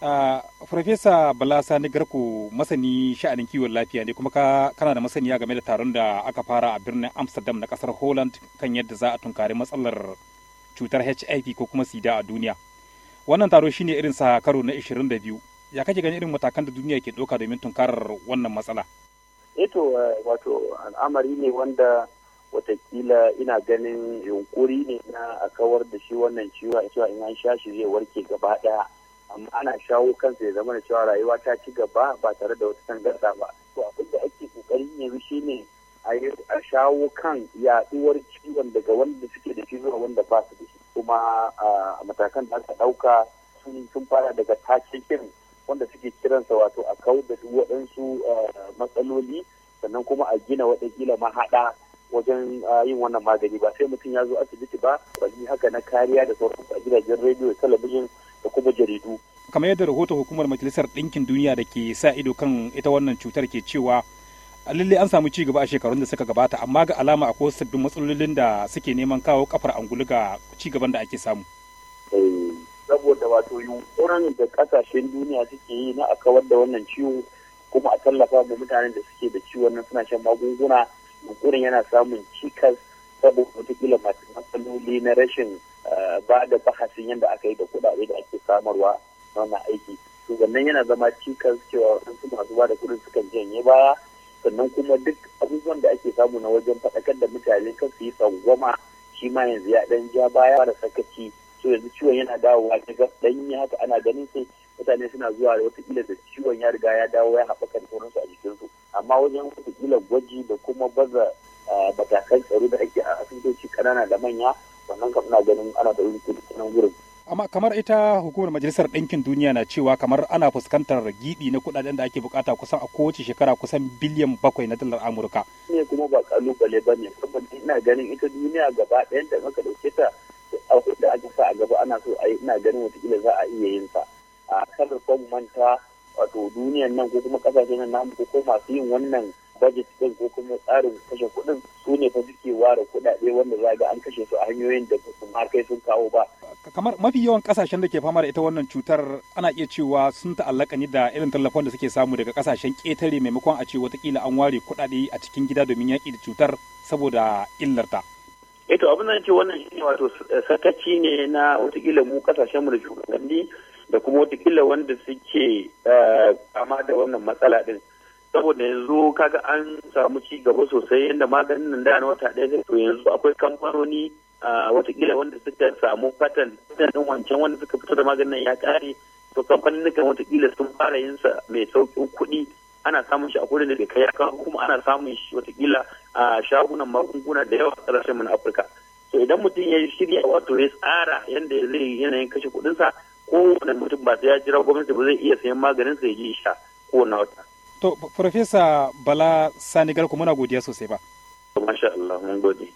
Farfesa ah, Bala Sani Garko masani sha'anin kiwon lafiya ne kuma kana da masaniya game da taron da aka fara a birnin Amsterdam na kasar Holland kan yadda za a tunkari matsalar cutar HIV ko kuma sida a duniya. Wannan taro shine irin sa karo na 22. Ya kake ganin irin matakan da duniya ke ɗauka domin tunkarar wannan matsala? Eto eh eh, wato al'amari ne wanda watakila ina ganin yunkuri ne na a kawar da shi wannan ciwo a cewa in an sha shi zai warke gaba ɗaya. amma ana shawo kansa ya zama da cewa rayuwa ta ci gaba ba tare da wata tangarda ba to abin da ake kokarin yanzu shine a shawo kan yaduwar ciwon daga wanda suke da shi zuwa wanda ba su da shi kuma matakan da aka dauka sun fara daga tashin kirin wanda suke kiransa wato a kawo da waɗansu matsaloli sannan kuma a gina watakila mahaɗa wajen yin wannan magani ba sai mutum ya zo asibiti ba wani haka na kariya da sauransu a gidaje kamar yadda rahoton hukumar majalisar ɗinkin duniya da ke sa ido kan ita wannan cutar ke cewa lalle an samu ci gaba a shekarun da suka gabata amma ga alama akwai sabbin matsalolin da suke neman kawo kafar angulu ga ci gaban da ake samu. Eh, saboda wato yunkurin da kasashen duniya suke yi na aka wadda wannan ciwo kuma a tallafa ga mutanen da suke da ciwon nan suna shan magunguna yunkurin yana samun cikas saboda watakila masu matsaloli na rashin eh, ba da bahasin yadda aka yi da kuɗaɗe da ake samarwa wani aiki to wannan yana zama cikas cewa wasu masu ba da kuɗin sukan janye baya sannan kuma duk abubuwan da ake samu na wajen faɗakar da mutane kan su yi tsangwama shi ma yanzu ya ɗan ja baya da sakaci so yanzu ciwon yana dawowa ɗan ɗanyi haka ana ganin sai mutane suna zuwa da ila da ciwon ya riga ya dawo ya haɓaka da sauransu a jikinsu amma wajen watakila gwaji da kuma baza matakan tsaro da ake a asibitoci ƙanana da manya wannan kam ina ganin ana da wuri kuɗi wurin. amma kamar ita hukumar majalisar ɗinkin duniya na cewa kamar ana fuskantar gibi na kuɗaɗen da ake bukata kusan a kowace shekara kusan biliyan bakwai na dalar amurka ne kuma ba kalubale ba ne saboda ina ganin ita duniya gaba ɗayan da aka ɗauke ta da aka sa a gaba ana so a yi ina ganin wataƙila za a iya yin sa a kada mu manta wato duniyan nan ko kuma kasashen nan namu ko masu yin wannan budget ɗin ko kuma tsarin kashe kuɗin su ne fa suke ware kuɗaɗe wanda za ga an kashe su a hanyoyin da ba su sun kawo ba kamar mafi yawan kasashen da ke fama da ita wannan cutar ana iya cewa sun ta'allaka ne da irin tallafon da suke samu daga kasashen ƙetare maimakon a ce watakila an ware kuɗaɗe a cikin gida domin yaƙi da cutar saboda illarta. Eto eh abin da ce wannan ne wato eh, sakaci ne na watakila mu kasashen mu da shugabanni da kuma watakila wanda suke kama eh, da wannan matsala din. saboda yanzu kaga an samu ci gaba sosai yadda maganin nan da na wata ɗaya to yanzu akwai kamfanoni a ah, watakila wanda suka samu fatan ɗin wancan wanda suka fito da maganin ya ƙare to kamfanin watakila sun fara yin sa mai sauƙin kuɗi ana samun shi a kudin da kai kawo kuma ana samun shi watakila a shagunan magunguna da yawa a ƙasashen mu na Afirka. So idan mutum ya shirya wato ya tsara yadda zai yanayin kashe sa kuɗin ko wani mutum ba sai ya jira gwamnati ba zai iya sayan maganin sa ya ji sha na wata. To profesa Bala Sani Garko muna godiya sosai ba. Masha Allah mun gode.